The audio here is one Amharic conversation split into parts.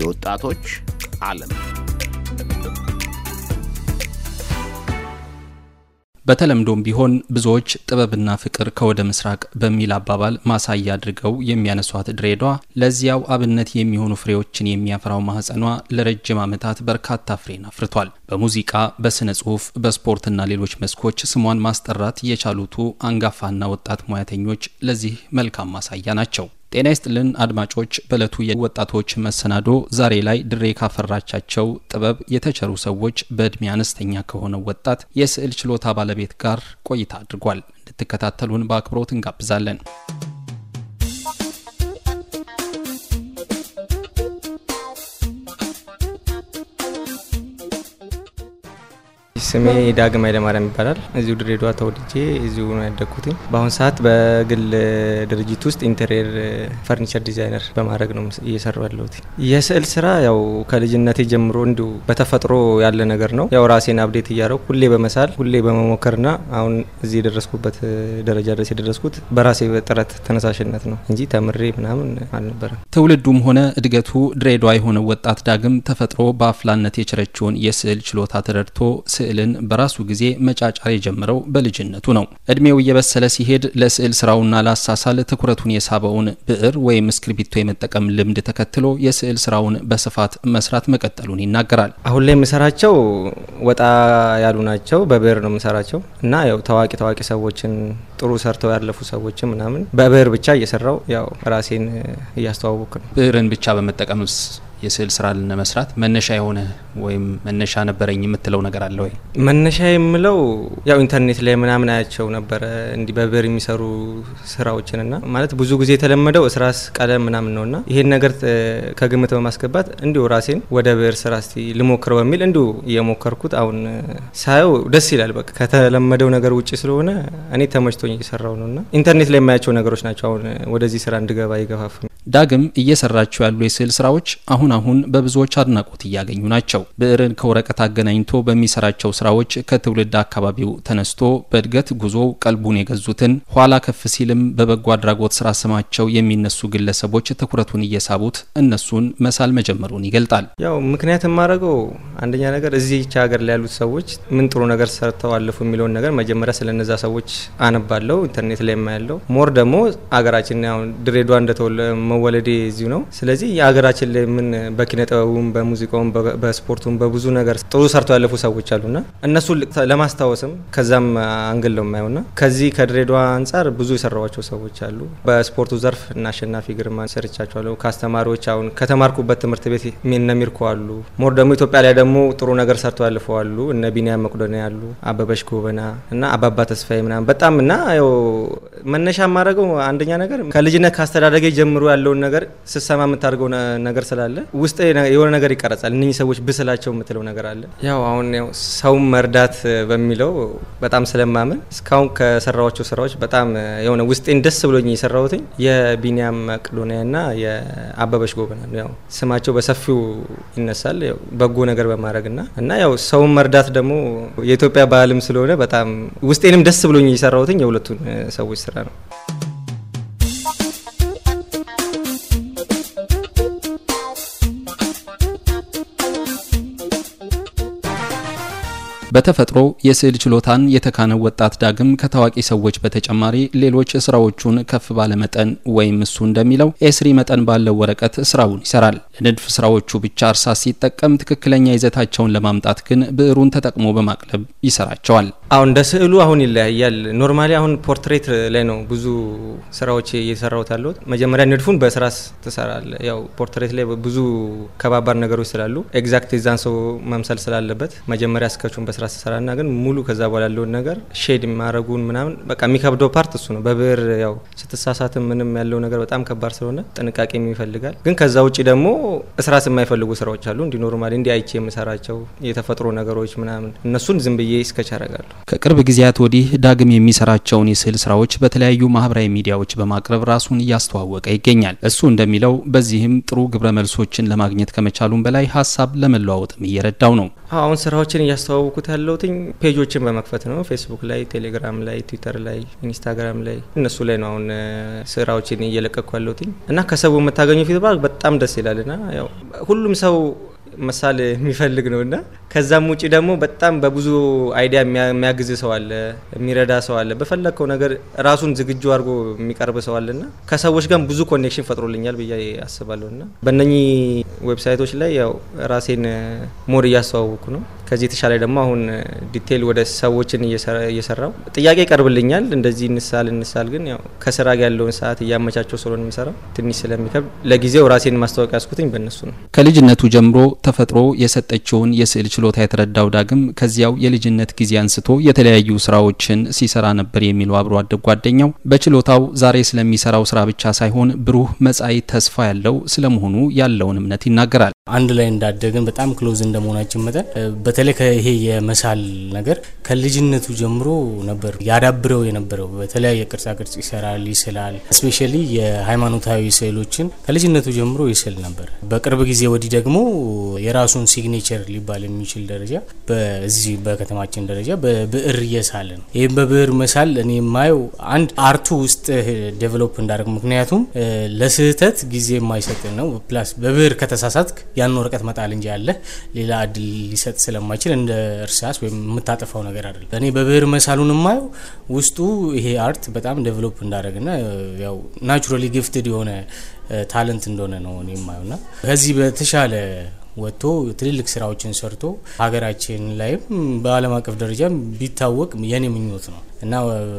የወጣቶች ዓለም በተለምዶም ቢሆን ብዙዎች ጥበብና ፍቅር ከወደ ምስራቅ በሚል አባባል ማሳያ አድርገው የሚያነሷት ድሬዷ። ለዚያው አብነት የሚሆኑ ፍሬዎችን የሚያፈራው ማህፀኗ ለረጅም ዓመታት በርካታ ፍሬን አፍርቷል። በሙዚቃ፣ በስነ ጽሁፍ፣ በስፖርትና ሌሎች መስኮች ስሟን ማስጠራት የቻሉቱ አንጋፋና ወጣት ሙያተኞች ለዚህ መልካም ማሳያ ናቸው። ጤና ይስጥልን አድማጮች፣ በእለቱ የወጣቶች መሰናዶ ዛሬ ላይ ድሬ ካፈራቻቸው ጥበብ የተቸሩ ሰዎች በእድሜ አነስተኛ ከሆነው ወጣት የስዕል ችሎታ ባለቤት ጋር ቆይታ አድርጓል። እንድትከታተሉን በአክብሮት እንጋብዛለን። ስሜ ዳግም ኃይለማርያም ይባላል። እዚሁ ድሬዳዋ ተወልጄ እዚሁ ነው ያደግኩትኝ። በአሁን ሰዓት በግል ድርጅት ውስጥ ኢንቴሪየር ፈርኒቸር ዲዛይነር በማድረግ ነው እየሰሩ ያለሁት። የስዕል ስራ ያው ከልጅነቴ ጀምሮ እንዲሁ በተፈጥሮ ያለ ነገር ነው። ያው ራሴን አብዴት እያደረኩ ሁሌ በመሳል ሁሌ በመሞከርና አሁን እዚህ የደረስኩበት ደረጃ ድረስ የደረስኩት በራሴ ጥረት ተነሳሽነት ነው እንጂ ተምሬ ምናምን አልነበረም። ትውልዱም ሆነ እድገቱ ድሬዳዋ የሆነ ወጣት ዳግም ተፈጥሮ በአፍላነት የቸረችውን የስዕል ችሎታ ተረድቶ ስዕል ስዕልን በራሱ ጊዜ መጫጫር የጀመረው በልጅነቱ ነው። እድሜው እየበሰለ ሲሄድ ለስዕል ስራውና ላሳሳል ትኩረቱን የሳበውን ብዕር ወይም እስክሪብቶ የመጠቀም ልምድ ተከትሎ የስዕል ስራውን በስፋት መስራት መቀጠሉን ይናገራል። አሁን ላይ የምሰራቸው ወጣ ያሉ ናቸው። በብዕር ነው የምሰራቸው እና ያው ታዋቂ ታዋቂ ሰዎችን ጥሩ ሰርተው ያለፉ ሰዎችን ምናምን በብዕር ብቻ እየሰራው ያው ራሴን እያስተዋወቅ ነው። ብዕርን ብቻ በመጠቀምስ የስዕል ስራ ለመስራት መነሻ የሆነ ወይም መነሻ ነበረኝ የምትለው ነገር አለ ወይ? መነሻ የምለው ያው ኢንተርኔት ላይ ምናምን አያቸው ነበረ እንዲህ በብር የሚሰሩ ስራዎችን ና ማለት ብዙ ጊዜ የተለመደው እስራስ ቀለም ምናምን ነው ና ይሄን ነገር ከግምት በማስገባት እንዲሁ ራሴን ወደ ብር ስራ እስቲ በሚል እንዲሁ እየሞከርኩት አሁን ሳየው ደስ ይላል። በቃ ከተለመደው ነገር ውጭ ስለሆነ እኔ ተመችቶኝ እየሰራው ነው ና ኢንተርኔት ላይ የማያቸው ነገሮች ናቸው አሁን ወደዚህ ስራ እንድገባ ይገፋፍ። ዳግም እየሰራችሁ ያሉ የስዕል ስራዎች አሁን አሁን በብዙዎች አድናቆት እያገኙ ናቸው። ብዕርን ከወረቀት አገናኝቶ በሚሰራቸው ስራዎች ከትውልድ አካባቢው ተነስቶ በእድገት ጉዞ ቀልቡን የገዙትን ኋላ ከፍ ሲልም በበጎ አድራጎት ስራ ስማቸው የሚነሱ ግለሰቦች ትኩረቱን እየሳቡት እነሱን መሳል መጀመሩን ይገልጣል። ያው ምክንያት የማደርገው አንደኛ ነገር እዚች ሀገር ላይ ያሉት ሰዎች ምን ጥሩ ነገር ሰርተው አለፉ የሚለውን ነገር መጀመሪያ ስለነዛ ሰዎች አነባለው ኢንተርኔት ላይ የማያለው ሞር ደግሞ አገራችን ድሬዷ እንደተወለ መወለዴ እዚሁ ነው። ስለዚህ የሀገራችን ላይ ምን በኪነ ጥበቡም፣ በሙዚቃውም፣ በስፖርቱም በብዙ ነገር ጥሩ ሰርቶ ያለፉ ሰዎች አሉና እነሱን ለማስታወስም ከዛም አንግል ነው የማየውና ከዚህ ከድሬዳዋ አንጻር ብዙ የሰራዋቸው ሰዎች አሉ። በስፖርቱ ዘርፍ እና አሸናፊ ግርማ ሰርቻቸዋለሁ። ከአስተማሪዎች አሁን ከተማርኩበት ትምህርት ቤት እነ አሉ። ሞር ደግሞ ኢትዮጵያ ላይ ደግሞ ጥሩ ነገር ሰርቶ ያልፈዋሉ እነ ቢኒያ መቁደና ያሉ አበበሽ ጎበና እና አባባ ተስፋዬ ምናምን በጣም እና መነሻ የማደርገው አንደኛ ነገር ከልጅነት ካስተዳደገ ጀምሮ ያለውን ነገር ስሰማ የምታደርገው ነገር ስላለ ውስጥ የሆነ ነገር ይቀረጻል። እነኚህ ሰዎች ብስላቸው የምትለው ነገር አለ። ያው አሁን ያው ሰው መርዳት በሚለው በጣም ስለማምን እስካሁን ከሰራዋቸው ስራዎች በጣም የሆነ ውስጤን ደስ ብሎኝ የሰራሁትኝ የቢኒያም መቅዶኒያና የአበበች ጎበና ያው ስማቸው በሰፊው ይነሳል በጎ ነገር በማድረግና እና ያው ሰውን መርዳት ደግሞ የኢትዮጵያ ባህልም ስለሆነ በጣም ውስጤንም ደስ ብሎኝ የሰራሁትኝ የሁለቱን ሰዎች ስራ cara. በተፈጥሮ የስዕል ችሎታን የተካነው ወጣት ዳግም ከታዋቂ ሰዎች በተጨማሪ ሌሎች ስራዎቹን ከፍ ባለ መጠን ወይም እሱ እንደሚለው ኤስሪ መጠን ባለው ወረቀት ስራውን ይሰራል። ለንድፍ ስራዎቹ ብቻ እርሳስ ሲጠቀም፣ ትክክለኛ ይዘታቸውን ለማምጣት ግን ብዕሩን ተጠቅሞ በማቅለብ ይሰራቸዋል። አሁን እንደ ስዕሉ አሁን ይለያያል። ኖርማሊ አሁን ፖርትሬት ላይ ነው ብዙ ስራዎች እየሰራሁት ያለሁት። መጀመሪያ ንድፉን በስራስ ትሰራለ። ያው ፖርትሬት ላይ ብዙ ከባባድ ነገሮች ስላሉ ኤግዛክት የዛን ሰው መምሰል ስላለበት መጀመሪያ እስከቹን በስራ ና ግን ሙሉ ከዛ በኋላ ያለውን ነገር ሼድ የማረጉን ምናምን በቃ የሚከብደው ፓርት እሱ ነው። በብር ያው ስትሳሳት ምንም ያለው ነገር በጣም ከባድ ስለሆነ ጥንቃቄ ይፈልጋል። ግን ከዛ ውጭ ደግሞ እስራት የማይፈልጉ ስራዎች አሉ። እንዲ ኖርማል እንዲ አይቼ የምሰራቸው የተፈጥሮ ነገሮች ምናምን እነሱን ዝም ብዬ እስከች ያረጋሉ። ከቅርብ ጊዜያት ወዲህ ዳግም የሚሰራቸውን የስዕል ስራዎች በተለያዩ ማህበራዊ ሚዲያዎች በማቅረብ ራሱን እያስተዋወቀ ይገኛል። እሱ እንደሚለው በዚህም ጥሩ ግብረ መልሶችን ለማግኘት ከመቻሉም በላይ ሀሳብ ለመለዋወጥም እየረዳው ነው። አሁን ስራዎችን እያስተዋወቁት ያለሁትኝ ፔጆችን በመክፈት ነው። ፌስቡክ ላይ፣ ቴሌግራም ላይ፣ ትዊተር ላይ፣ ኢንስታግራም ላይ እነሱ ላይ ነው አሁን ስራዎችን እየለቀኩ ያለሁትኝ እና ከሰው የምታገኘው ፊድባክ በጣም ደስ ይላል እና ያው ሁሉም ሰው መሳል የሚፈልግ ነው እና ከዛም ውጭ ደግሞ በጣም በብዙ አይዲያ የሚያግዝ ሰው አለ፣ የሚረዳ ሰው አለ፣ በፈለግከው ነገር ራሱን ዝግጁ አድርጎ የሚቀርብ ሰው አለ እና ከሰዎች ጋር ብዙ ኮኔክሽን ፈጥሮልኛል ብዬ አስባለሁ እና በእነኚህ ዌብሳይቶች ላይ ያው ራሴን ሞር እያስተዋወቅኩ ነው። ከዚህ የተሻለ ደግሞ አሁን ዲቴል ወደ ሰዎችን እየሰራው ጥያቄ ይቀርብልኛል። እንደዚህ እንሳል እንሳል፣ ግን ያው ከስራ ጋር ያለውን ሰዓት እያመቻቸው ስለሆነ የሚሰራው ትንሽ ስለሚከብድ ለጊዜው ራሴን ማስታወቅ ያስኩትኝ በእነሱ ነው። ከልጅነቱ ጀምሮ ተፈጥሮ የሰጠችውን የስዕል ችሎታ የተረዳው ዳግም ከዚያው የልጅነት ጊዜ አንስቶ የተለያዩ ስራዎችን ሲሰራ ነበር የሚለው አብሮ አደግ ጓደኛው በችሎታው ዛሬ ስለሚሰራው ስራ ብቻ ሳይሆን ብሩህ መጻኢ ተስፋ ያለው ስለመሆኑ ያለውን እምነት ይናገራል። አንድ ላይ እንዳደግን በጣም ክሎዝ እንደመሆናችን መጠን በተለይ ይሄ የመሳል ነገር ከልጅነቱ ጀምሮ ነበር ያዳብረው የነበረው። በተለያየ ቅርጻቅርጽ ይሰራል፣ ይስላል። እስፔሻሊ የሃይማኖታዊ ስዕሎችን ከልጅነቱ ጀምሮ ይስል ነበር። በቅርብ ጊዜ ወዲህ ደግሞ የራሱን ሲግኔቸር ሊባል የሚችል ደረጃ በዚህ በከተማችን ደረጃ በብዕር እየሳለ ነው። ይህም በብዕር መሳል እኔ የማየው አንድ አርቱ ውስጥ ዴቨሎፕ እንዳደርግ ምክንያቱም ለስህተት ጊዜ የማይሰጥ ነው። ፕላስ በብዕር ከተሳሳትክ ያን ወረቀት መጣል እንጂ ያለ ሌላ እድል ሊሰጥ ስለ ስለማይችል እንደ እርሳስ ወይም የምታጠፋው ነገር አይደለም። እኔ በብሄር መሳሉን የማየው ውስጡ ይሄ አርት በጣም ዴቨሎፕ እንዳደረግና ያው ናቹራሊ ጊፍትድ የሆነ ታለንት እንደሆነ ነው እኔ የማየውና ከዚህ በተሻለ ወጥቶ ትልልቅ ስራዎችን ሰርቶ ሀገራችን ላይም በዓለም አቀፍ ደረጃ ቢታወቅ የኔ ምኞት ነው እና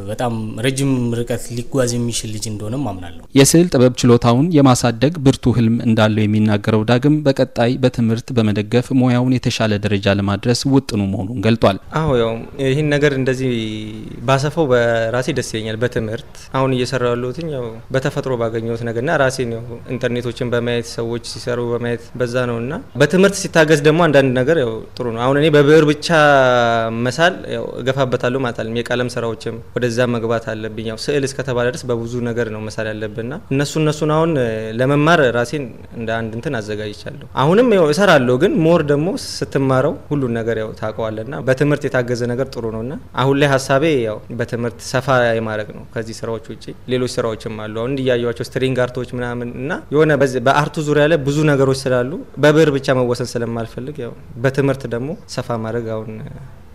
በጣም ረጅም ርቀት ሊጓዝ የሚችል ልጅ እንደሆነም አምናለሁ። የስዕል ጥበብ ችሎታውን የማሳደግ ብርቱ ህልም እንዳለው የሚናገረው ዳግም በቀጣይ በትምህርት በመደገፍ ሙያውን የተሻለ ደረጃ ለማድረስ ውጥኑ መሆኑን ገልጧል። አሁ ያው ይህን ነገር እንደዚህ ባሰፈው በራሴ ደስ ይለኛል። በትምህርት አሁን እየሰራ ያለሁት ያው በተፈጥሮ ባገኘሁት ነገርና ራሴን ያው ኢንተርኔቶችን በማየት ሰዎች ሲሰሩ በማየት በዛ ነውና በትምህርት ሲታገዝ ደግሞ አንዳንድ ነገር ያው ጥሩ ነው። አሁን እኔ በብዕር ብቻ መሳል ያው እገፋበታለሁ ማለት አለም የቀለም ስራዎችም ወደዛ መግባት አለብኝ። ያው ስዕል እስከተባለ ድረስ በብዙ ነገር ነው መሳል ያለብንና እነሱ እነሱን አሁን ለመማር ራሴን እንደ አንድ እንትን አዘጋጅቻለሁ። አሁንም ያው እሰራለሁ፣ ግን ሞር ደግሞ ስትማረው ሁሉን ነገር ያው ታውቀዋለና በትምህርት የታገዘ ነገር ጥሩ ነውና አሁን ላይ ሀሳቤ ያው በትምህርት ሰፋ የማድረግ ነው። ከዚህ ስራዎች ውጭ ሌሎች ስራዎችም አሉ አሁን እንዲያዩዋቸው ስትሪንግ አርቶች ምናምን እና የሆነ በአርቱ ዙሪያ ላይ ብዙ ነገሮች ስላሉ በብዕር ብቻ መወሰን ስለማልፈልግ ያው በትምህርት ደግሞ ሰፋ ማድረግ አሁን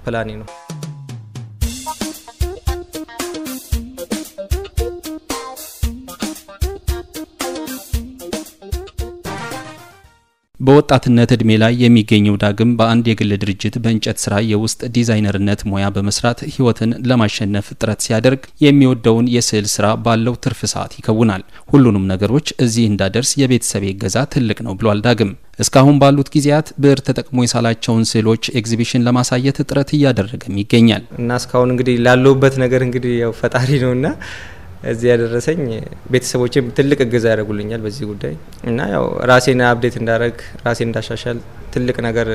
ፕላኔ ነው። በወጣትነት እድሜ ላይ የሚገኘው ዳግም በአንድ የግል ድርጅት በእንጨት ስራ የውስጥ ዲዛይነርነት ሙያ በመስራት ህይወትን ለማሸነፍ ጥረት ሲያደርግ የሚወደውን የስዕል ስራ ባለው ትርፍ ሰዓት ይከውናል። ሁሉንም ነገሮች እዚህ እንዳደርስ የቤተሰብ እገዛ ትልቅ ነው ብሏል ዳግም። እስካሁን ባሉት ጊዜያት ብዕር ተጠቅሞ የሳላቸውን ስዕሎች ኤግዚቢሽን ለማሳየት ጥረት እያደረገም ይገኛል እና እስካሁን እንግዲህ ላለሁበት ነገር እንግዲህ ያው ፈጣሪ ነውና እዚህ ያደረሰኝ ቤተሰቦቼ ትልቅ እገዛ ያደርጉልኛል በዚህ ጉዳይ እና ያው ራሴን አብዴት እንዳረግ ራሴን እንዳሻሻል ትልቅ ነገር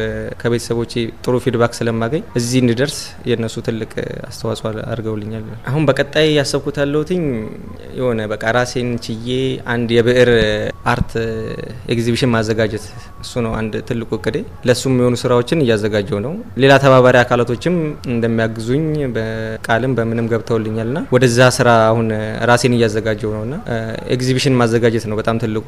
ከቤተሰቦቼ ጥሩ ፊድባክ ስለማገኝ እዚህ እንድደርስ የእነሱ ትልቅ አስተዋጽኦ አድርገውልኛል። አሁን በቀጣይ ያሰብኩት ያለሁትኝ የሆነ በቃ ራሴን ችዬ አንድ የብዕር አርት ኤግዚቢሽን ማዘጋጀት እሱ ነው አንድ ትልቁ እቅዴ። ለእሱም የሆኑ ስራዎችን እያዘጋጀው ነው። ሌላ ተባባሪ አካላቶችም እንደሚያግዙኝ በቃልም በምንም ገብተውልኛል ና ወደዛ ስራ አሁን ራሴን እያዘጋጀው ነው ና ኤግዚቢሽን ማዘጋጀት ነው በጣም ትልቁ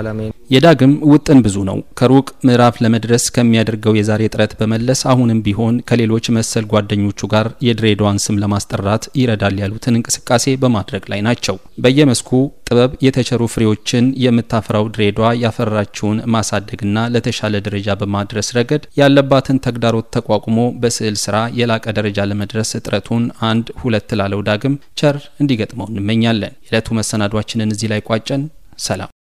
አላማ። የዳግም ውጥን ብዙ ነው። ከሩቅ ምዕራፍ ለመድረ ድረስ ከሚያደርገው የዛሬ ጥረት በመለስ አሁንም ቢሆን ከሌሎች መሰል ጓደኞቹ ጋር የድሬዳዋን ስም ለማስጠራት ይረዳል ያሉትን እንቅስቃሴ በማድረግ ላይ ናቸው። በየመስኩ ጥበብ የተቸሩ ፍሬዎችን የምታፈራው ድሬዳዋ ያፈራችውን ማሳደግና ለተሻለ ደረጃ በማድረስ ረገድ ያለባትን ተግዳሮት ተቋቁሞ በስዕል ስራ የላቀ ደረጃ ለመድረስ ጥረቱን አንድ ሁለት ላለው ዳግም ቸር እንዲገጥመው እንመኛለን። የዕለቱ መሰናዷችንን እዚህ ላይ ቋጨን። ሰላም።